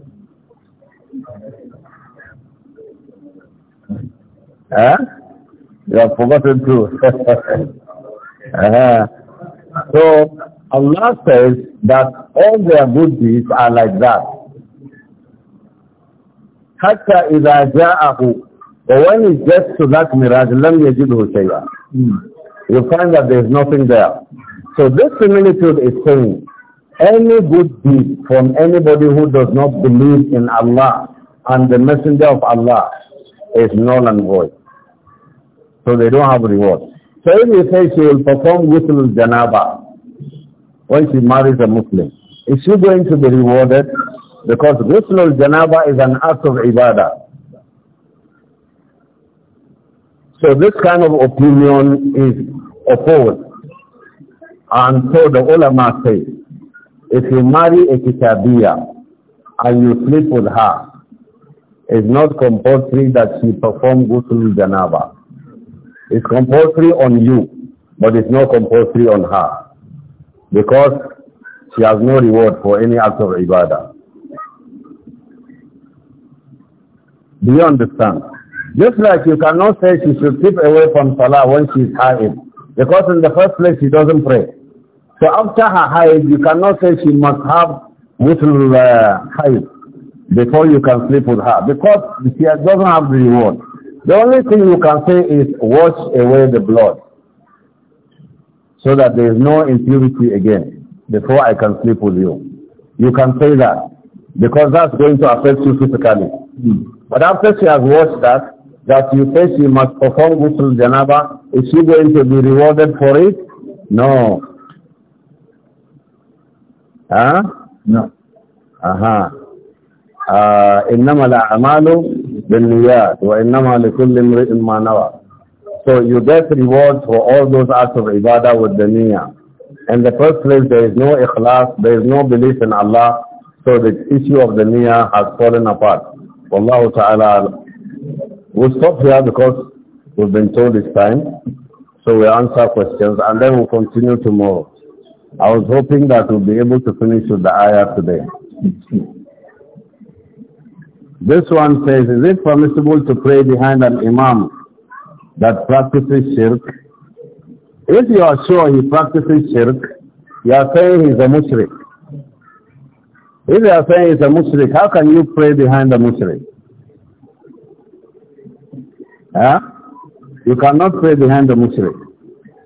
S1: Huh? You have forgotten too. uh -huh. So Allah says that all their good deeds are like that. حتى إذا جاءه But when he gets to that mirage, لم يجده شيئا. You find that there is nothing there. So this similitude is saying any good deed from anybody who does not believe in Allah and the messenger of Allah is null and void. So they don't have reward. So if you say she will perform ghusl janaba when she marries a Muslim, is she going to be rewarded? Because ghusl janaba is an act of ibadah. So this kind of opinion is opposed. And so the ulama say, if you marry a kitabiyah and you sleep with her, it's not compulsory that she perform ghusl janaba. It's compulsory on you, but it's not compulsory on her. Because she has no reward for any act of ibadah. Do you understand? Just like you cannot say she should keep away from salah when she is high, because in the first place she doesn't pray. So after her hajj, you cannot say she must have whistle uh, before you can sleep with her because she doesn't have the reward. The only thing you can say is wash away the blood so that there is no impurity again before I can sleep with you. You can say that because that's going to affect you physically. Mm. But after she has washed that, that you say she must perform ghusl janaba, is she going to be rewarded for it? No. إنما الأعمال بالنيات وإنما لكل امرئ ما نوى. So you get rewards for all those acts of ibadah with the niyyah. In the first place, there is no ikhlas, there is no belief in Allah, so the issue of the niyyah has fallen apart. Wallahu ta'ala. We'll stop here because we've been told it's time. So we answer questions and then we'll continue tomorrow. I was hoping that we'll be able to finish with the ayah today. This one says, is it permissible to pray behind an imam that practices shirk? If you are sure he practices shirk, you are saying he's a mushrik. If you are saying he's a mushrik, how can you pray behind a mushrik? Huh? You cannot pray behind a mushrik.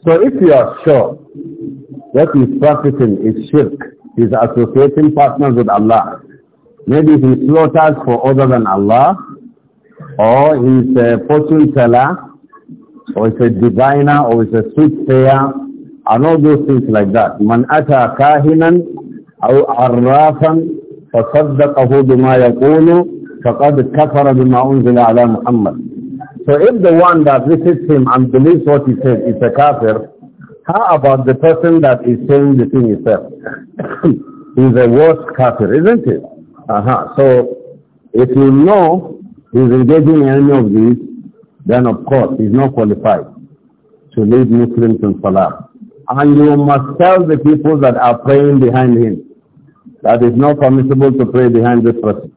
S1: So if you are sure what he's practicing is shirk. He's associating partners with Allah. Maybe he slaughters for other than Allah, or he's a fortune teller, or he's a diviner, or he's a soothsayer, and all those things like that. Man ata kahinan أو عرافا فصدقه So if the one that visits him and believes what he says is a kafir, how about the person that is saying the thing itself? he's a worse kafir, isn't it? Uh-huh. So if you know he's engaging in any of these, then of course he's not qualified to lead Muslims in Salah. And you must tell the people that are praying behind him that it's not permissible to pray behind this person.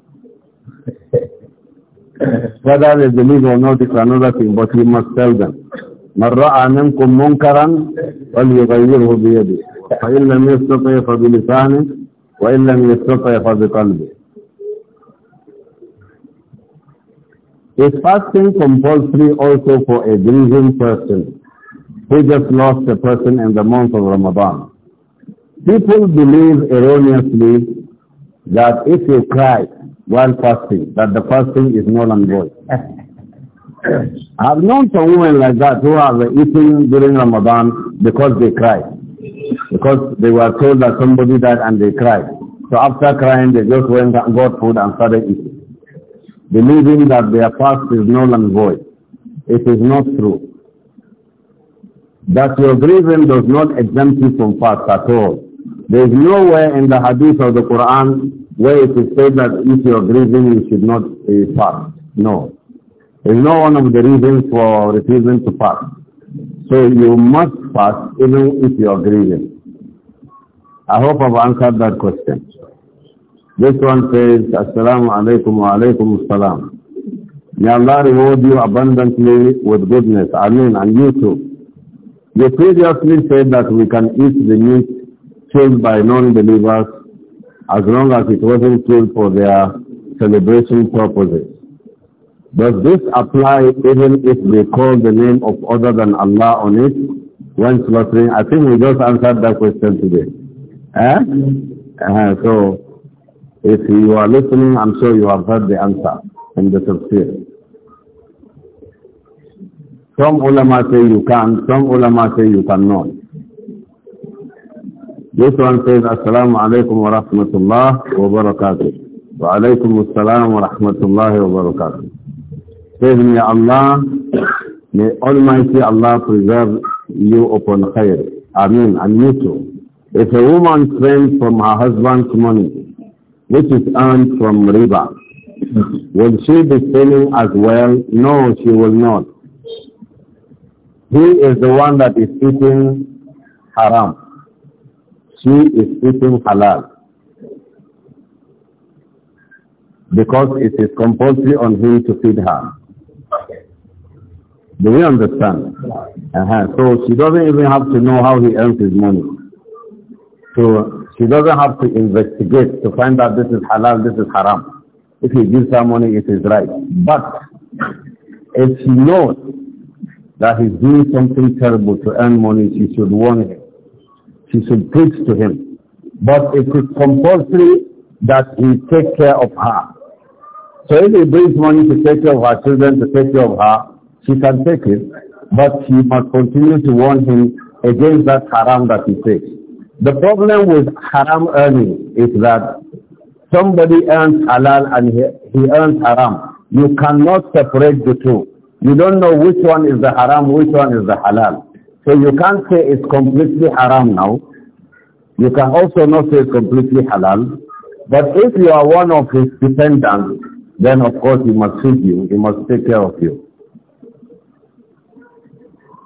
S1: Whether they believe or not is another thing, but you must tell them. من لم يستطع لم يستطع Is fasting compulsory also for a grieving person who just lost a person in the month of Ramadan? People believe erroneously that if you cry while fasting, that the fasting is null and void. I've known some women like that who have eaten during Ramadan because they cried. Because they were told that somebody died and they cried. So after crying, they just went and got food and started eating. Believing that their fast is null and void. It is not true. That your grieving does not exempt you from fast at all. There is nowhere in the hadith of the Quran where it is said that if you are grieving, you should not uh, fast. No is not one of the reasons for refusing to fast. So you must fast even if you are grieving. I hope I've answered that question. This one says, Assalamu alaikum wa alaikum assalam. May Allah reward you abundantly with goodness. mean, And you too. You previously said that we can eat the meat killed by non-believers as long as it wasn't killed for their celebration purposes. Does this apply even if they call the name of other than Allah on it when slaughtering? I think we just answered that question today. Eh? Uh So, if you are listening, I'm sure you have heard the answer in the tafsir. Some ulama say you can, some ulama say you cannot. This one says, Assalamu alaikum wa rahmatullah wa barakatuh. Wa alaikum assalam wa rahmatullahi wa barakatuh. Says, may Allah, may Almighty Allah preserve you upon khair. Amen. And you too. If a woman spends from her husband's money, which is earned from riba, will she be sinning as well? No, she will not. He is the one that is eating haram. She is eating halal. Because it is compulsory on him to feed her. Do we understand? Uh -huh. So she doesn't even have to know how he earns his money. So she doesn't have to investigate to find out this is halal, this is haram. If he gives her money, it is right. But if she knows that he's doing something terrible to earn money, she should warn him. She should preach to him. But it is compulsory that he take care of her. So if he brings money to take care of her children, to take care of her, she can take it, but she must continue to warn him against that haram that he takes. The problem with haram earning is that somebody earns halal and he, he earns haram. You cannot separate the two. You don't know which one is the haram, which one is the halal. So you can't say it's completely haram now. You can also not say it's completely halal. But if you are one of his dependents, then of course he must feed you, he must take care of you.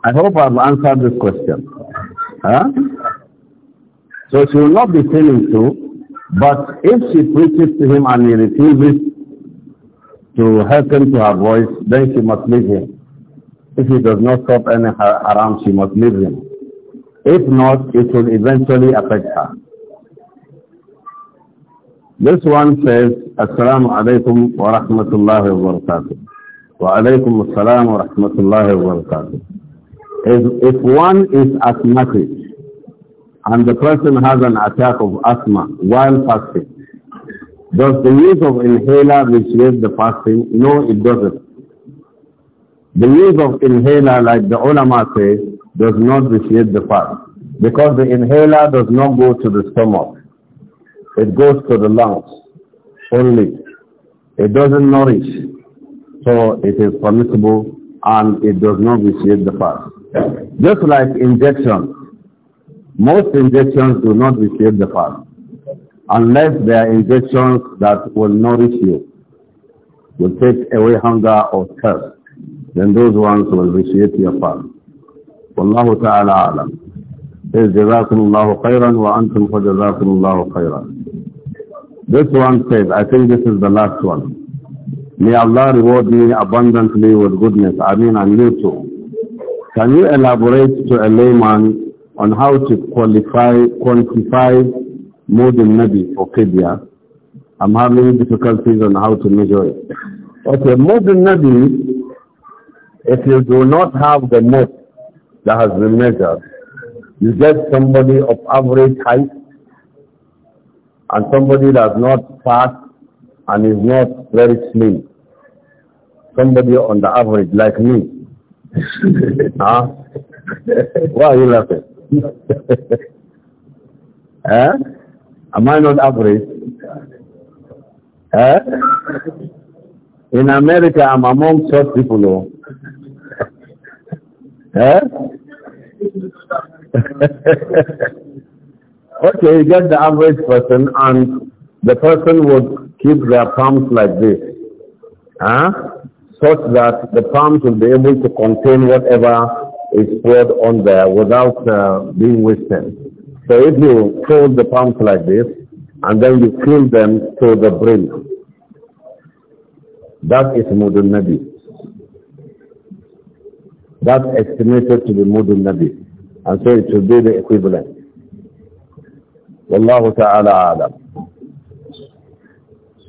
S1: I hope I've answered this question. Huh? So she will not be sinning to, but if she preaches to him and he refuses to hearken to her voice, then she must leave him. If he does not stop any haram, she must leave him. If not, it will eventually affect her. This one says, Assalamu alaikum wa rahmatullahi wa barakatuh. Wa alaikum assalam wa rahmatullahi wa barakatuh. If, if one is asthmatic and the person has an attack of asthma while fasting, does the use of inhaler initiate the fasting? No, it doesn't. The use of inhaler, like the ulama say, does not initiate the fast because the inhaler does not go to the stomach. It goes to the lungs only. It doesn't nourish. So it is permissible and it does not vitiate the fast. Just like injections. Most injections do not vitiate the fast unless they are injections that will nourish you, will take away hunger or thirst. Then those ones will vitiate your fast. والله تعالى أعلم. جزاكم الله خيرا وأنتم فجزاكم الله خيرا. This one says, I think this is the last one. May Allah reward me abundantly with goodness. I mean, and you too. Can you elaborate to a layman on how to qualify, quantify modern Nabi for Qibya? I'm having difficulties on how to measure it. Okay, modern Nabi, if you do not have the net that has been measured, you get somebody of average height, and somebody that's not fast and is not very slim. Somebody on the average like me. huh? Why are you laughing? eh? Am I not average? Eh? In America, I'm among short people. Though. eh? Okay, you get the average person and the person would keep their palms like this, huh? such that the palms will be able to contain whatever is poured on there without uh, being wasted. So if you fold the palms like this and then you fill them to the brim, that is Mudun Nabi. That's estimated to be Mudun Nabi. And so it should be the equivalent. Wallahu ta'ala alam.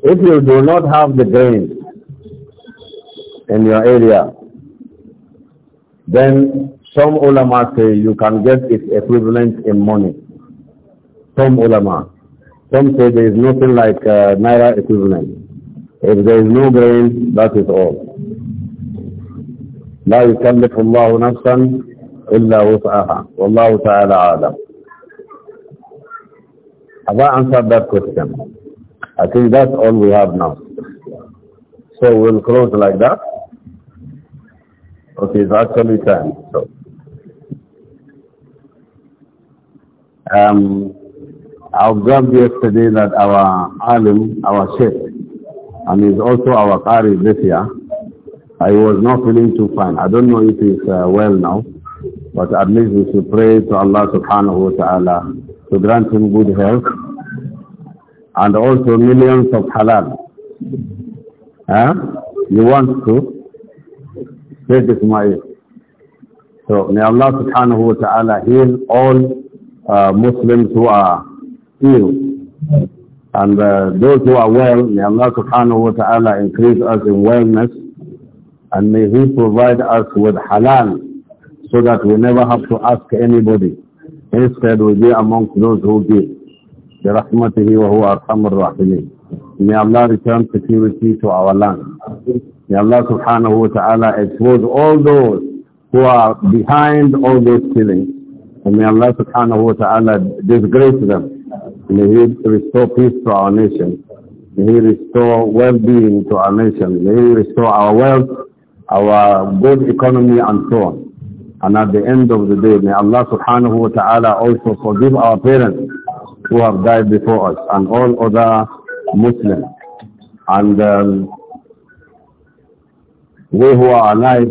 S1: If you do not have the grain in your area, then some ulama say you can get its equivalent in money. Some ulama. Some say there is nothing like uh, naira equivalent. If there is no grain, that is all. لا يكلف الله نفسا إلا وسعها والله تعالى عالم have I answered that question? I think that's all we have now. So we'll close like that. Okay, it's actually time. So, um, I observed yesterday that our alim, our sheikh, and he's also our qari this year, I was not feeling too fine. I don't know if he's uh, well now, but at least we should pray to Allah subhanahu wa ta'ala to grant him good health and also millions of halal. Huh? You want to? this Ismail. So may Allah subhanahu wa ta'ala heal all uh, Muslims who are ill. And uh, those who are well, may Allah subhanahu wa ta'ala increase us in wellness and may He provide us with halal so that we never have to ask anybody. Instead, we be amongst those who give. برحمته وهو أرحم الراحمين. May Allah return security to our land. May Allah subhanahu wa ta'ala expose all those who are behind all those killings. And may Allah subhanahu wa ta'ala disgrace them. May He restore peace to our nation. May He restore well-being to our nation. May He restore our wealth, our good economy and so on. And at the end of the day, may Allah subhanahu wa ta'ala also forgive our parents who have died before us and all other Muslims. And um, we who are alive,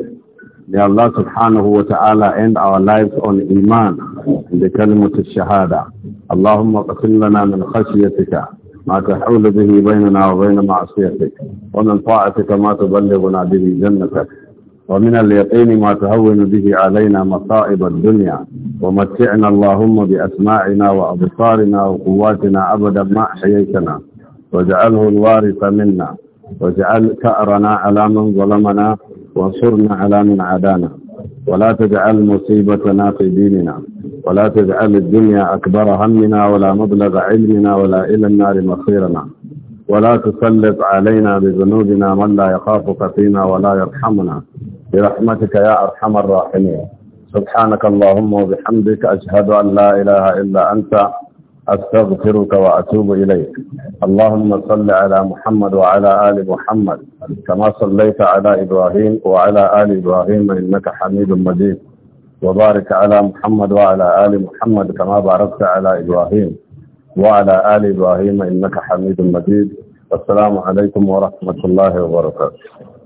S1: may Allah subhanahu wa ta'ala end our lives on Iman, in the kalimat al-shahada. Allahumma qasim lana min khashyatika. ما تحول به بيننا وبين معصيتك ومن طاعتك ما تبلغنا به ومن اليقين ما تهون به علينا مصائب الدنيا ومتعنا اللهم بأسماعنا وأبصارنا وقواتنا أبدا ما أحييتنا واجعله الوارث منا واجعل كأرنا على من ظلمنا وانصرنا على من عدانا ولا تجعل مصيبتنا في ديننا ولا تجعل الدنيا أكبر همنا ولا مبلغ علمنا ولا إلى النار مصيرنا ولا تسلط علينا بذنوبنا من لا يخافك فينا ولا يرحمنا برحمتك يا أرحم الراحمين سبحانك اللهم وبحمدك أشهد أن لا إله إلا أنت أستغفرك وأتوب إليك اللهم صل على محمد وعلى آل محمد كما صليت على إبراهيم وعلى آل إبراهيم إنك حميد مجيد وبارك على محمد وعلى آل محمد كما باركت على إبراهيم وعلى آل إبراهيم إنك حميد مجيد والسلام عليكم ورحمة الله وبركاته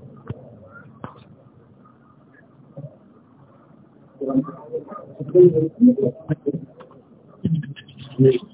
S2: Thank you.